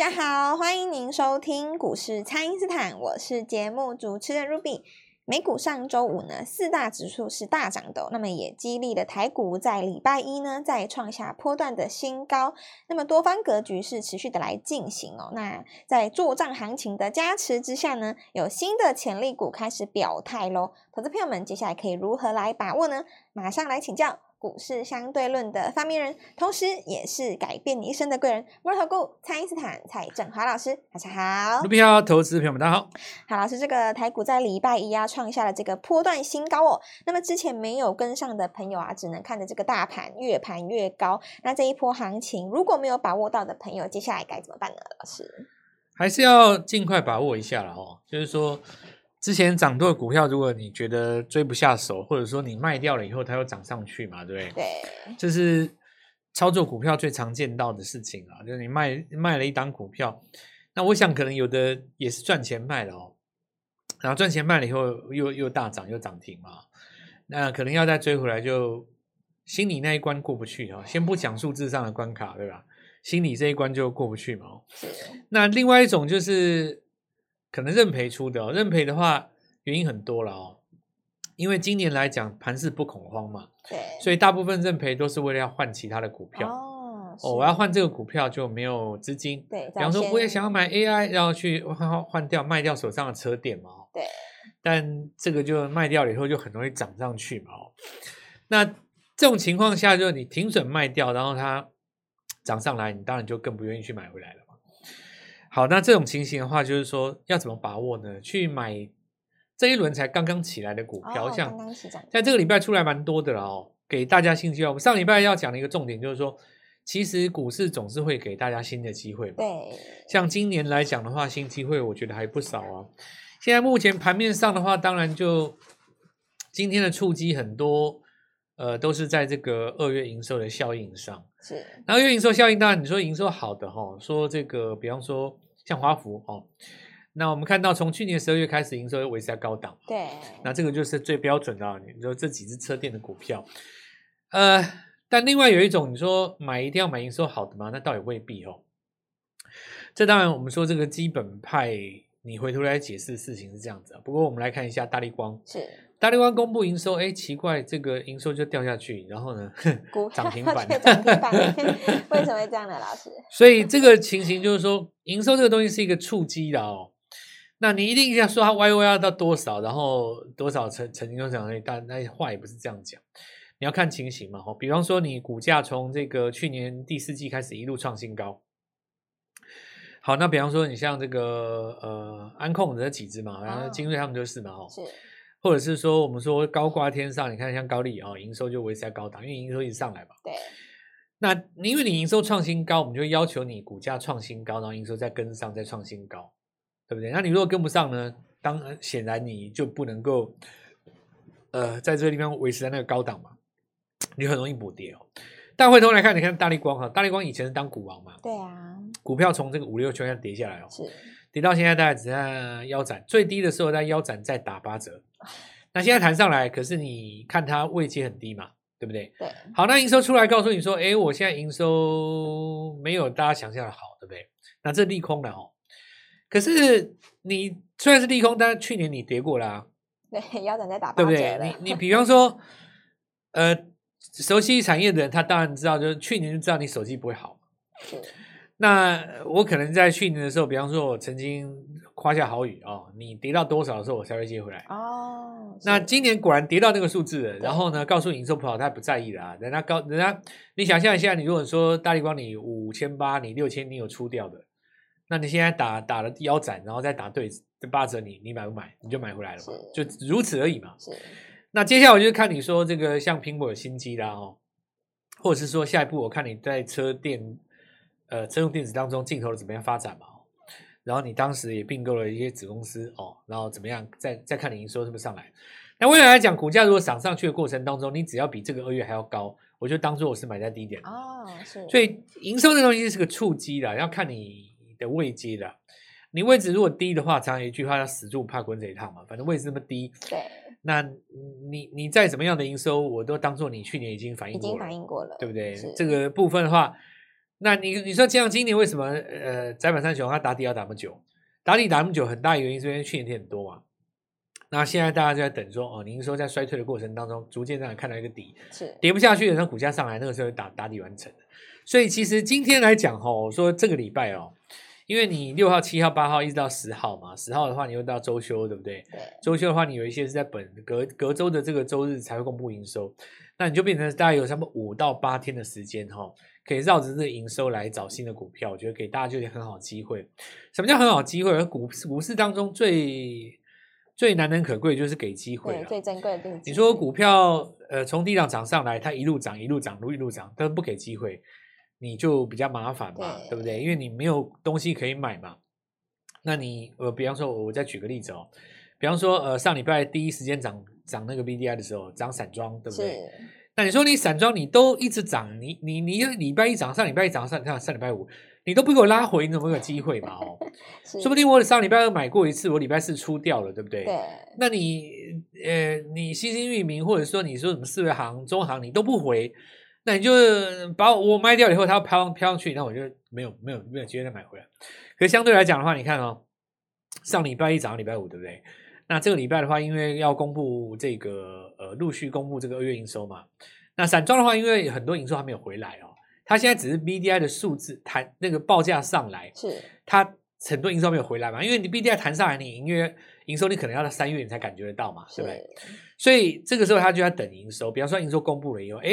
大家好，歡迎您收聽股市蔡因斯坦，我是節目主持人 Ruby。美股上周五呢，四大指數是大漲的哦，那麼也激勵了台股在禮拜一呢，再創下波段的新高。那麼多方格局是持續的來進行哦。那在做帳行情的加持之下呢，有新的潛力股開始表態嘍。投資朋友們接下來可以如何來把握呢？馬上來請教。股市相對論的發明人，同時也是改變你一生的貴人，摩爾投顧、蔡因斯坦、蔡正華老師，大家好；盧比投資，朋友們，大家好。好，老師，這個台股在禮拜一啊創下了這個波段新高哦。那麼之前沒有跟上的朋友啊，只能看着這個大盤越盤越高。那這一波行情如果沒有把握到的朋友，接下來該怎麼辦呢？老師還是要盡快把握一下了哦。就是說。之前漲多的股票，如果你覺得追不下手，或者說你賣掉了以後它又漲上去嘛，對不對？對，這是操作股票最常見到的事情啊，就是你賣賣了一檔股票，那我想可能有的也是賺錢賣了哦，然後賺錢賣了以後又又大漲又漲停嘛，那可能要再追回來就心理那一關過不去哦，先不講數字上的關卡，對吧？心理這一關就過不去嘛哦。是。那另外一種就是。可能認賠出的，認賠的話原因很多了哦。因為今年來講，盤勢不恐慌嘛，對，所以大部分認賠都是為了要換其他的股票哦。哦，我要換這個股票就沒有資金，對。比方說，我也想要買 AI，然後去換換掉賣掉手上的車電嘛，哦，對。但這個就賣掉了以後，就很容易漲上去嘛。哦，那這種情況下，就是你停損賣掉，然後它漲上來，你當然就更不願意去買回來了。好，那這種情形的話，就是說要怎麼把握呢？去買這一輪才剛剛起來的股票，oh, 像在這個禮拜出來蠻多的了、哦。給大家新機會。我們上禮拜要講的一個重點就是說，其實股市總是會給大家新的機會。對，像今年來講的話，新機會我覺得還不少啊。現在目前盤面上的話，當然就今天的觸及很多，呃，都是在這個二月營收的效應上。是，然後二月營收效應，當然你說營收好的哈、哦，說這個，比方說。像華孚哦，那我們看到從去年十二月開始營收又維持在高檔，對，那這個就是最標準的，啊，你說這幾只車電的股票，呃，但另外有一種，你說買一定要買營收好的嗎？那倒也未必哦。這當然我們說這個基本派，你回頭來解釋事情是這樣子，啊。不過我們來看一下大立光是。大立光公布營收，誒奇怪，這個營收就掉下去，然後呢，漲停板，漲停板，停板 為什麼會這樣呢，老師？所以這個情形就是說，營收這個東西是一個觸擊的哦。那你一定要說它 YOY 要到多少，然後多少曾經都漲誒，但那話也不是這樣講，你要看情形嘛。哈、哦，比方說你股價從這個去年第四季開始一路創新高，好，那比方說你像這個呃安控的那幾隻嘛，然後金瑞他們就是嘛，哦。哦。或者是說，我們說高掛天上，你看像高力哦，營收就維持在高檔，因為營收一直上來嘛。對。那因為你營收創新高，我們就要求你股價創新高，然後營收再跟上再創新高，對不對？那你如果跟不上呢？當、呃、顯然你就不能夠，呃，在這個地方維持在那個高檔嘛，你很容易補跌哦。但回頭來看，你看大立光哈、啊，大立光以前是當股王嘛。對啊。股票從這個五六千跌下來哦，跌到現在大概只剩腰斬，最低的時候在腰斬再打八折。那現在談上來，可是你看它位置很低嘛，對不對？對。好，那營收出來告訴你說，哎，我現在營收沒有大家想象的好，對不對？那這利空了哦。可是你雖然是利空，但去年你跌過了、啊。對，腰斬再打八折，對不對？你你比方說， 呃，熟悉產業的人，他當然知道，就是去年就知道你手機不會好。那我可能在去年的時候，比方說，我曾經誇下豪語哦，你跌到多少的時候，我才會接回來哦。那今年果然跌到那個數字了，然後呢，告訴你說不好，他也不在意了啊。人家告人家你想象一下，你如果你說大立光你五千八，你六千，你有出掉的，那你現在打打了腰斬，然後再打對對八折，你你買不買？你就買回來了嘛，就如此而已嘛。那接下來我就看你說這個像蘋果新機啦，哦，或者是說下一步，我看你在車電。呃，車用電子當中鏡頭的怎麼樣發展嘛？然後你當時也併購了一些子公司哦，然後怎麼樣？再再看你營收是不是上來？那未來來講，股價如果漲上，上去的過程當中，你只要比這個二月還要高，我就當做我是買在低點的。哦，所以營收這東西是個觸機的，要看你的位階的。你位置如果低的話，常常有一句話叫“死豬不怕滾水燙嘛”，反正位置這麼低。對。那你你再怎麼樣的營收，我都當做你去年已經反映，已經反映過了，對不對？這個部分的話。那你你說這樣，今年為什麼呃，載板三雄他打底要打那麼久？打底打那麼久，很大的原因是因為去年跌很多嘛、啊。那現在大家就在等說，哦，您說在衰退的過程當中，逐漸讓你看到一個底，是跌不下去，的，那股價上來，那個時候打打底完成。所以其實今天來講吼，我說這個禮拜哦，因為你六號、七號、八號一直到十號嘛，十號的話你又到周休，對不對？對。周休的話，你有一些是在本隔隔周的這個周日才會公布營收。那你就變成大概有差不多五到八天的時間哈、哦，可以繞着這個營收來找新的股票，我覺得給大家就一個很好的機會。什麼叫很好的機會？而股股市當中最最難能可貴就是給機會啊，最珍貴的地方。你說股票呃從低檔漲上來，它一路漲一路漲，一路一路漲，但是不給機會，你就比較麻煩嘛，對，對不對？因為你沒有東西可以買嘛。那你呃，比方說，我我再舉個例子哦，比方說呃，上禮拜第一時間漲。漲那個 B D I 的時候，漲散裝，對不對？那你說你散裝，你都一直漲，你你你禮拜一漲，上禮拜一漲，上上上禮拜五，你都不給我拉回，你怎麼有機會嘛哦？哦， 說不定我上禮拜二買過一次，我禮拜四出掉了，對不對？對，那你呃，你新興裕民或者說你說什麼四維航、中航，你都不回，那你就把我，我賣掉以後，它飄上飄上去，那我就沒有沒有沒有機會再買回來。可是相對來講的話，你看哦，上禮拜一漲，禮拜五，對不對？那這個禮拜的話，因為要公布這個呃，陸續公布這個二月營收嘛。那散裝的話，因為很多營收還沒有回來哦，它現在只是 B D I 的數字談那個報價上來，是它很多營收沒有回來嘛。因為你 B D I 談上來，你營業營收你可能要到三月你才感覺得到嘛，是對不對？所以這個時候他就要等營收。比方說營收公布了以後，哎，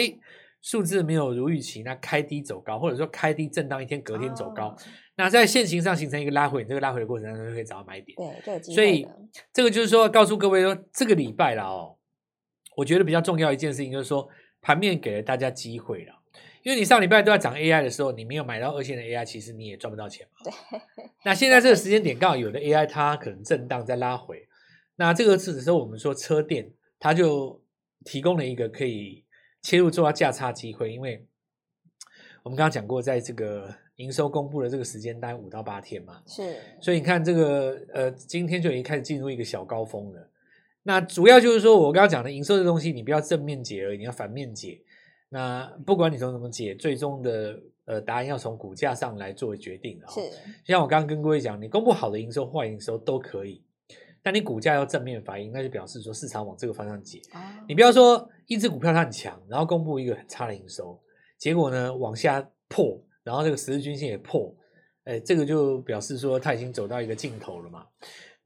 數字沒有如預期，那開低走高，或者說開低震盪一天，隔天走高。哦那在線形上形成一個拉回，你這個拉回的過程當中就可以找到買點。對，就有機會。所以這個就是說，告訴各位說，這個禮拜了哦，我覺得比較重要一件事情就是說，盤面給了大家機會了。因為你上禮拜都在漲 AI 的時候，你沒有買到二線的 AI，其實你也賺不到錢嘛。對。那現在這個時間點剛好有的 AI 它可能震盪再拉回，那這個時候我們說車電，它就提供了一個可以切入做到價差機會，因為我們剛剛講過，在這個。營收公布的這個時間單五到八天嘛，是，所以你看這個，呃，今天就已經開始進入一個小高峰了。那主要就是說我剛剛講的營收的東西，你不要正面解而已，你要反面解。那不管你從什麼解，最終的呃答案要從股價上來作為決定的是，就像我剛剛跟各位講，你公布好的營收、壞營收都可以，但你股價要正面反應，那就表示說市場往這個方向解。啊、你不要說一只股票它很強，然後公布一個很差的營收，結果呢往下破。然後這個十字均線也破，誒、哎、這個就表示說它已經走到一個盡頭了嘛。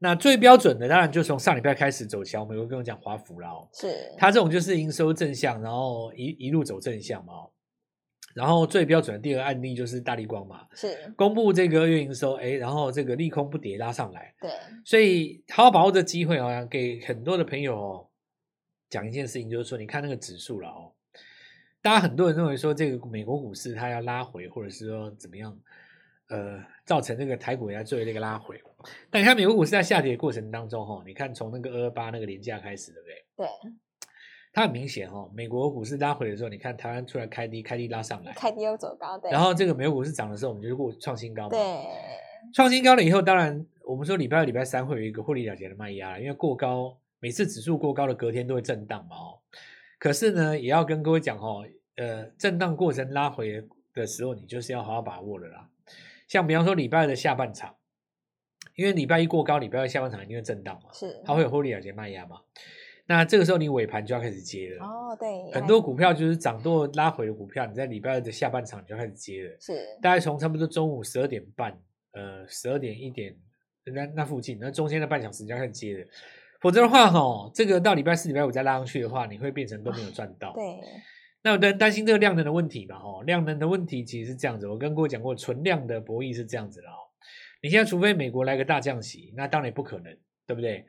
那最標準的當然就從上禮拜開始走強，我們有跟我講華孚了、哦，是它這種就是營收正向，然後一一路走正向嘛。然後最標準的第二個案例就是大立光嘛，是公布這個月營收，誒、哎、然後這個利空不跌拉上來，對，所以好好把握這機會啊、哦，給很多的朋友、哦、講一件事情，就是說你看那個指數了哦。大家很多人認為說，這個美國股市它要拉回，或者是說怎麼樣，呃，造成這個台股也要做一個拉回。但你看美國股市在下跌的過程當中、哦，哈，你看從那個二二八那個連假開始，對不對？對。它很明顯、哦，哈，美國股市拉回的時候，你看台灣出來開低，開低拉上來，開低又走高，對。然後這個美國股市漲的時候，我們就是過創新高嘛。對。創新高了以後，當然我們說禮拜二、禮拜三會有一個獲利了結的賣壓，因為過高，每次指數過高的隔天都會震盪嘛，哦。可是呢，也要跟各位講哦，呃，震盪過程拉回的時候，你就是要好好把握了啦。像比方說禮拜二的下半場，因為禮拜一過高，禮拜二的下半場一定會震盪嘛，是，它、啊、會有獲利了結賣壓嘛。那這個時候你尾盤就要開始接了。哦，對。很多股票就是漲多拉回的股票，你在禮拜二的下半場你就要開始接了。是。大概從差不多中午十二點半，呃，十二點一點那那附近，那中間的半小時就要開始接了。否則的話，吼，這個到禮拜四、禮拜五再拉上去的話，你會變成都沒有賺到。啊、對，那有人擔心這個量能的問題嘛？吼，量能的問題其實是這樣子，我跟各位講過，存量的博弈是這樣子的哦。你現在除非美國來個大降息，那當然也不可能，對不對？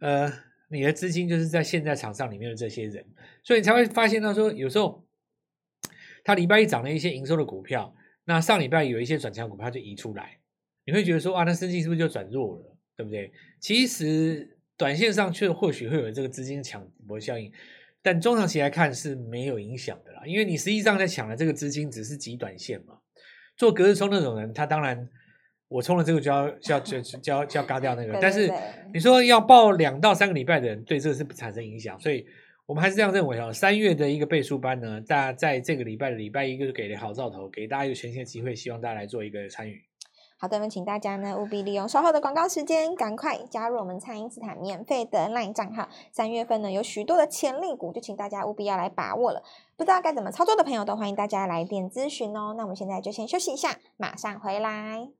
呃，你的資金就是在現在場上裡面的這些人，所以你才會發現到說，有時候他禮拜一漲了一些營收的股票，那上禮拜有一些轉強的股票就移出來，你會覺得說，哇、啊，那資金是不是就轉弱了，對不對？其實。短線上卻或許會有這個資金搶奪效應，但中長期來看是沒有影響的啦，因為你實際上在搶的這個資金只是極短線嘛。做隔日沖那種人，他當然我衝了這個就要就要就要就要，就要嘎掉那個 對對對，但是你說要報兩到三個禮拜的人，對這個是不產生影響。所以我們還是這樣認為哦，三月的一個倍數班呢，大家在這個禮拜的禮拜一個就給了好兆頭，給大家一個全新的機會，希望大家來做一個參與。好的，那麼請大家呢務必利用稍後的廣告時間，趕快加入我們蔡因斯坦免費的 LINE 賬號。三月份呢有許多的潛力股，就請大家務必要來把握了。不知道該怎麼操作的朋友，都歡迎大家來電諮詢哦。那我們現在就先休息一下，馬上回來。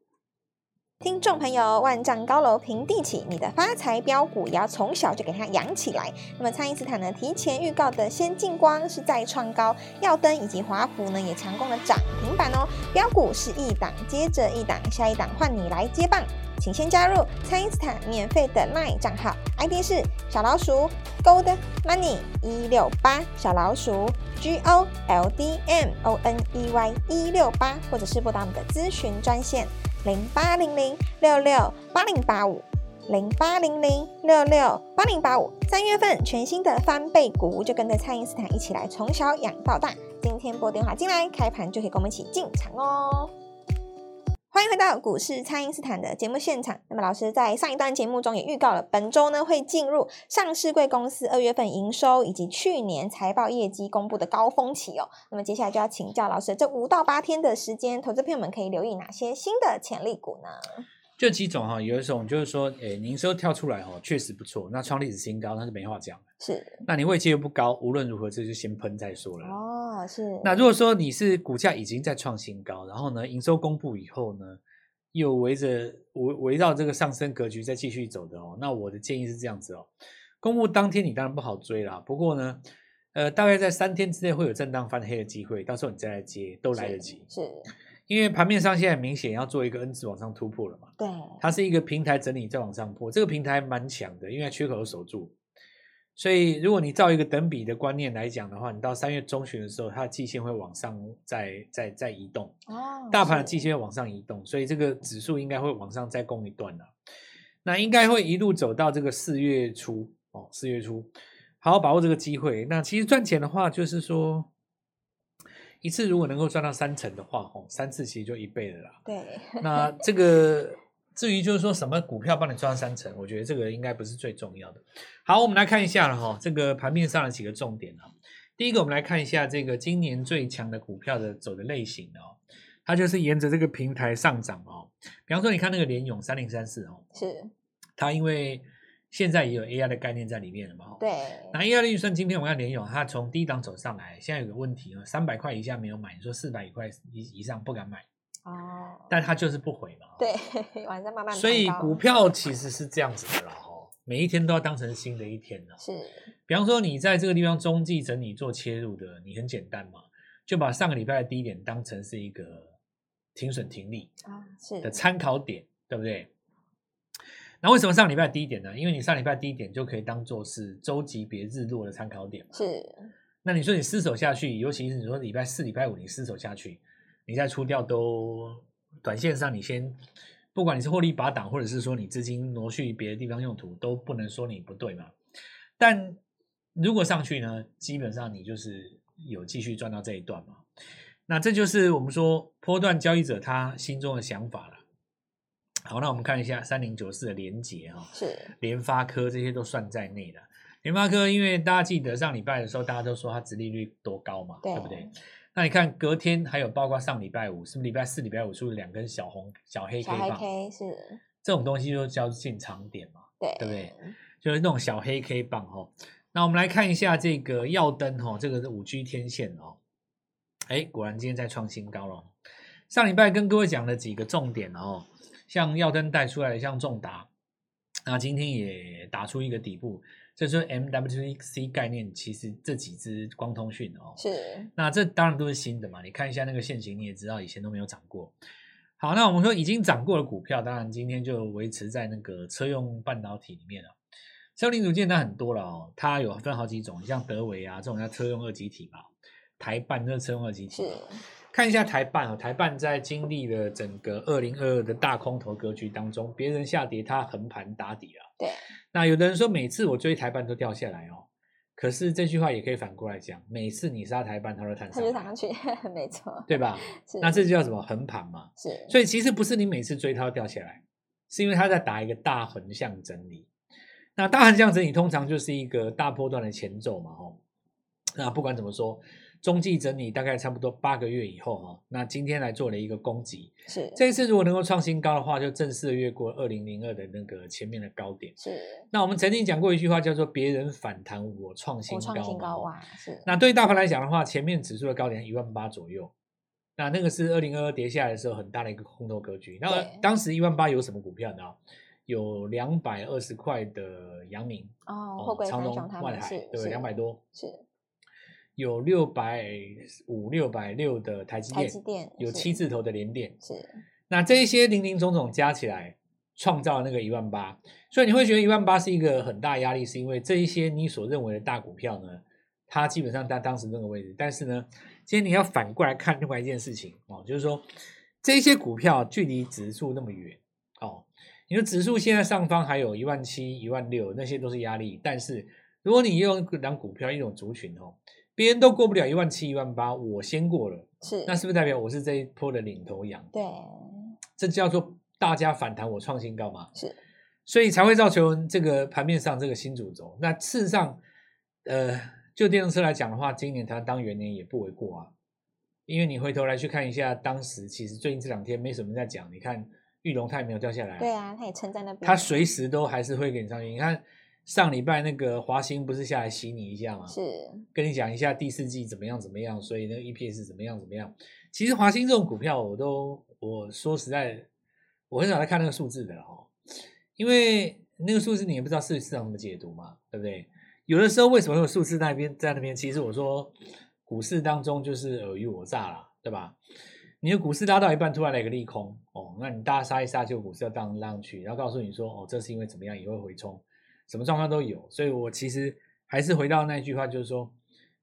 聽眾朋友，萬丈高樓平地起，你的發財標股也要從小就給它養起來。那麼，蔡因斯坦呢，提前預告的先進光是再創高，耀登以及華孚呢也強攻了漲停板哦。標股是一檔接着一檔，下一檔換你來接棒，請先加入蔡因斯坦免費的 LINE 賬號，ID 是小老鼠 Gold Money 一六八小老鼠。G O L D M O N E Y 一六八，或者是撥打我們的諮詢專線零八零零六六八零八五零八零零六六八零八五。三月份全新的翻倍股，就跟着蔡因斯坦一起來從小養到大。今天撥電話進來，開盤就可以跟我們一起進場哦。歡迎回到股市蔡因斯坦的節目現場，那麼，老師在上一段節目中也預告了，本周呢會進入上市貴公司二月份營收以及去年財報業績公布的高峰期哦。那麼，接下來就要請教老師，這五到八天的時間，投資朋友們可以留意哪些新的潛力股呢？這幾種哈，有一種就是說，哎，營收跳出來哦，確實不錯。那創歷史新高，那是沒話講。是，那你位階又不高，無論如何，這就先噴再說了。哦是，那如果說你是股價已經在創新高，然後呢，營收公布以後呢，又圍着圍圍繞這個上升格局再繼續走的哦，那我的建議是這樣子哦，公布當天你當然不好追啦，不過呢，呃，大概在三天之內會有震盪翻黑的機會，到時候你再來接都來得及。是，是，因為盤面上現在很明顯要做一個 N 字往上突破了嘛，對，它是一個平台整理再往上破，這個平台蠻強的，因為缺口有守住。所以，如果你照一個等比的觀念來講的話，你到三月中旬的時候，它的季線會往上再、再、再移動。哦，大盤的季線會往上移動，所以這個指數應該會往上再攻一段了。那應該會一路走到這個四月初哦。四月初，好好把握這個機會。那其實賺錢的話，就是說一次如果能夠賺到三成的話，哦，三次其實就一倍了啦。對，那這個。 至於就是說什麼股票幫你抓三成，我覺得這個應該不是最重要的。好，我們來看一下了哈，這個盤面上的幾個重點。第一個，我們來看一下這個今年最強的股票的走的類型哦，它就是沿着這個平台上漲哦。比方說，你看那個聯詠三零三四哦，是。它因為現在也有 AI 的概念在裡面了嘛？對。那 AI 的預算今天我要聯詠，它從低檔走上來，現在有個問題啊，三百塊以下沒有買，你說四百塊以以上不敢買。哦，但他就是不回嘛。對，晚上慢慢。所以股票其實是這樣子的啦，吼，每一天都要當成新的一天呢。是。比方說，你在這個地方中繼整理做切入的，你很簡單嘛，就把上個禮拜的低點當成是一個停損停利的參考點，哦，對不對？那為什麼上個禮拜的低點呢？因為你上個禮拜的低點就可以當做是周級別日落的參考點嘛。是。那你說你失守下去，尤其是你說禮拜四、禮拜五你失守下去。你再出掉都，短線上你先，不管你是獲利拔檔，或者是說你資金挪去別的地方用途，都不能說你不對嘛。但如果上去呢，基本上你就是有繼續賺到這一段嘛。那這就是我們說波段交易者他心中的想法了。好，那我們看一下三零九四的聯傑啊，是聯發科這些都算在內的。聯發科因為大家記得上禮拜的時候，大家都說它殖利率多高嘛對，對不對？那你看，隔天還有，包括上禮拜五，是不是禮拜四、禮拜五出了兩根小紅、小黑 K 棒？小黑 K 是這種東西，就叫進場點嘛，對對不對？就是那種小黑 K 棒哈、哦。那我們來看一下這個耀登哈、哦，這個是五 G 天線哦。哎，果然今天在創新高了。上禮拜跟各位講了幾個重點哦，像耀登帶出來的，像中達。那今天也打出一個底部，就是說 MWC 概念，其實這幾支光通訊哦，是。那這當然都是新的嘛，你看一下那個線型，你也知道以前都沒有漲過。好，那我們說已經漲過的股票，當然今天就維持在那個車用半導體裡面了。車用零組件它很多了哦，它有分好幾種，像德維啊這種叫車用二極體嘛，台半這是車用二極體。看一下台半啊，台半在經歷了整個二零二二的大空頭格局當中，別人下跌，他橫盤打底啊。對。那有的人說，每次我追台半都掉下來哦，可是這句話也可以反過來講，每次你殺台半，他都彈上，上去呵呵，沒錯，對吧？是。那這叫什麼？橫盤嘛。是。所以其實不是你每次追它掉下來，是因為他在打一個大橫向整理。那大橫向整理通常就是一個大波段的前奏嘛、哦，吼。那不管怎麼說。中繼整理大概差不多八個月以後哈、哦，那今天來做了一個攻擊。是，這一次如果能夠創新高的話，就正式越過二零零二的那個前面的高點。是。那我們曾經講過一句話，叫做“別人反彈，我創新高”。創新高啊，是。那對於大盤來講的話，前面指數的高點是一萬八左右，那那個是二零二二跌下來的時候很大的一個空頭格局。那個、當時一萬八有什麼股票呢？有兩百二十塊的陽明哦，長、哦、榮、萬海，對，兩百多。是。有六百五六百六的台積電，台積電，有七字頭的聯電，是，是那這一些零零總總加起來創造那個一萬八，所以你會覺得一萬八是一個很大壓力，是因為這一些你所認為的大股票呢，它基本上在當時那個位置，但是呢，今天你要反過來看另外一件事情哦，就是說這些股票距離指數那麼遠哦，你說指數現在上方還有一萬七、一萬六，那些都是壓力，但是如果你用兩股票一種族群哦。別人都過不了一萬七一萬八，我先過了，是，那是不是代表我是這一波的領頭羊？對，這叫做大家反彈我創新高嘛。是，所以才會造成這個盤面上這個新主軸。那事實上，呃，就電動車來講的話，今年它當元年也不為過啊。因為你回頭來去看一下，當時其實最近這兩天沒什麼在講。你看，裕隆它也沒有掉下來，對啊，它也撐在那邊，它隨時都還是會給你上去。你看。上禮拜那個華興不是下來洗你一下嗎？是，跟你講一下第四季怎麼樣怎麼樣，所以那個 EPS 怎麼樣怎麼樣。其實華興這種股票我都我說實在，我很少在看那個數字的哦，因為那個數字你也不知道市市場怎麼解讀嘛，對不對？有的時候為什麼會有數字在那邊在那邊？其實我說股市當中就是爾虞我詐啦，對吧？你的股市拉到一半突然來個利空哦，那你大殺一殺，就股市要蕩來蕩去，然後告訴你說哦，這是因為怎麼樣也會回沖。什麼狀況都有，所以我其實還是回到那句話，就是說，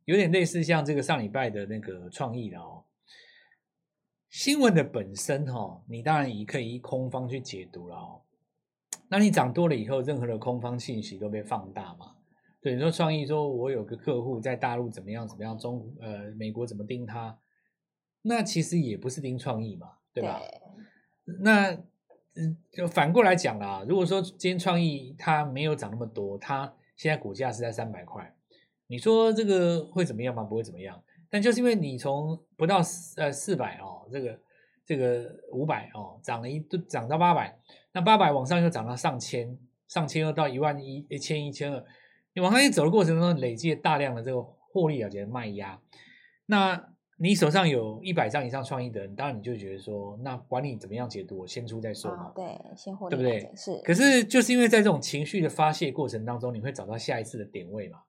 有點類似像這個上禮拜的那個創意的哦。新聞的本身哦，你當然也可以空方去解讀了哦。那你漲多了以後，任何的空方信息都被放大嘛？對，你說創意，說我有個客戶在大陸怎麼樣怎麼樣，中呃美國怎麼盯他，那其實也不是盯創意嘛，對吧？對那。嗯，就反過來講啦、啊，如果說今天創意它沒有漲那麼多，它現在股價是在三百塊，你說這個會怎麼樣嗎？不會怎麼樣。但就是因為你從不到四呃四百哦，這個這個五百哦，漲了一度漲到八百，那八百往上又漲到上千，上千又到一萬一一千一千二，你往上一走的過程中，累積大量的這個獲利了結的賣壓，那。你手上有一百張以上創意的人，當然你就覺得說，那管你怎麼樣解讀，我先出再說嘛、啊，對，先獲得對不對？是。可是就是因為在這種情緒的發洩過程當中，你會找到下一次的點位嘛？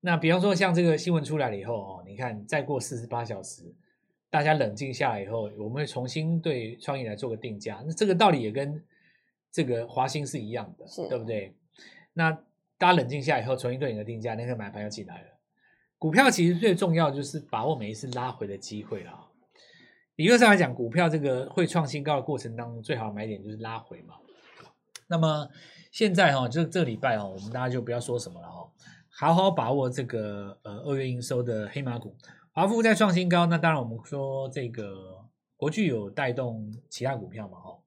那比方說像這個新聞出來了以後哦，你看再過四十八小時，大家冷靜下來以後，我們會重新對創意來做個定價。那這個道理也跟這個華星是一樣的，是，對不對？那大家冷靜下來以後，重新對你的定價，那個買盤又進來了。股票其實最重要就是把握每一次拉回的機會了啊。理論上來講，股票這個會創新高的過程當中，最好買點就是拉回嘛。那麼現在哈、哦，就這禮拜哈、哦，我們大家就不要說什麼了哈、哦，好好把握這個呃二月營收的黑馬股，華孚在創新高，那當然我們說這個國具有帶動其他股票嘛哈、哦，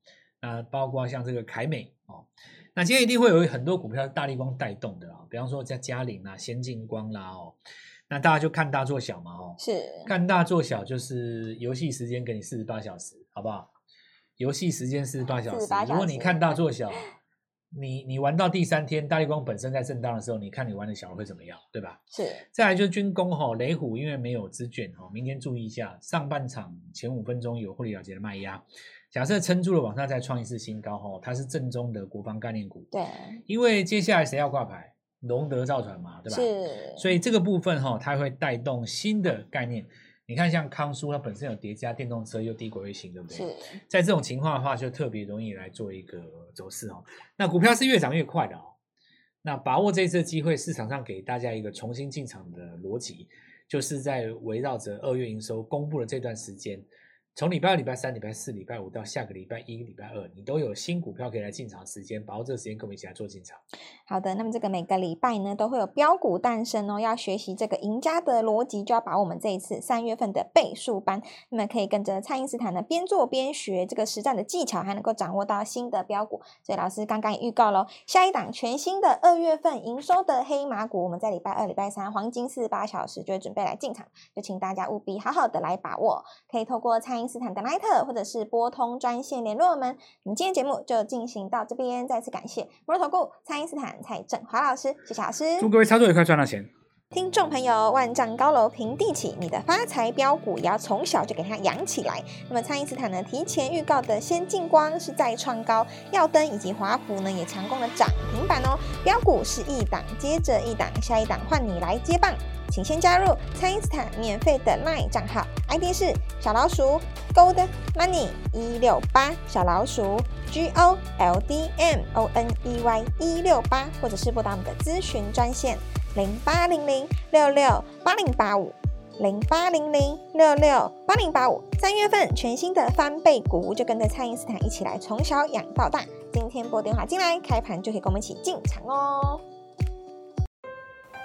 那包括像這個凱美哦，那今天一定會有很多股票是大立光帶動的啦，比方說在佳凌啊、先進光啦、啊、哦。那大家就看大做小嘛，哦，是看大做小就是遊戲時間給你四十八小時，好不好？遊戲時間四十八小時，如果你看大做小， 你你玩到第三天，大立光本身在震盪的時候，你看你玩的小會怎麼樣，對吧？是。再來就是軍工吼，雷虎因為沒有資券吼，明天注意一下，上半場前五分鐘有獲利了結的賣壓，假設撐住了往上再創一次新高吼，它是正宗的國防概念股，對，因為接下來誰要掛牌？龍德造船嘛，對吧？是。所以這個部分哈、哦，它會帶動新的概念。你看，像康舒，它本身有疊加電動車又低軌運行，對不對？是。在這種情況的話，就特別容易來做一個走勢哦。那股票是越漲越快的哦。那把握這次機會，市場上給大家一個重新進場的邏輯，就是在圍繞着二月營收公布的這段時間。從禮拜二、禮拜三、禮拜四、禮拜五到下個禮拜一、禮拜二，你都有新股票可以來進場。時間，把握這個時間，跟我們一起來做進場。好的，那麼這個每個禮拜呢，都會有標股誕生哦。要學習這個贏家的邏輯，就要把我們這一次三月份的倍數班，那麼可以跟着蔡因斯坦呢，邊做邊學這個實戰的技巧，還能夠掌握到新的標股。所以老師剛剛也預告嘍，下一檔全新的二月份營收的黑馬股，我們在禮拜二、禮拜三黃金四十八小時就會準備來進場，就請大家務必好好的來把握，可以透過蔡因。斯坦德奈特，或者是撥通專線聯絡我們。我們今天節目就進行到這邊，再次感謝摩爾投顧、蔡因斯坦、蔡正華老師，謝謝老師。祝各位操作愉快，賺到錢！聽眾朋友，萬丈高樓平地起，你的發財標股也要從小就給它養起來。那麼，蔡因斯坦呢，提前預告的先進光是再創高，耀登以及華孚呢也強攻了漲停板哦。標股是一檔接着一檔，下一檔換你來接棒。請先加入蔡因斯坦免費的 LINE 賬號，ID 是小老鼠 Gold Money 一六八，小老鼠 G O L D M O N E Y 一六八，或者是撥打我們的諮詢專線零八零零六六八零八五零八零零六六八零八五。三月份全新的翻倍股，就跟著蔡因斯坦一起來從小養到大。今天撥電話進來，開盤就可以跟我們一起進場哦。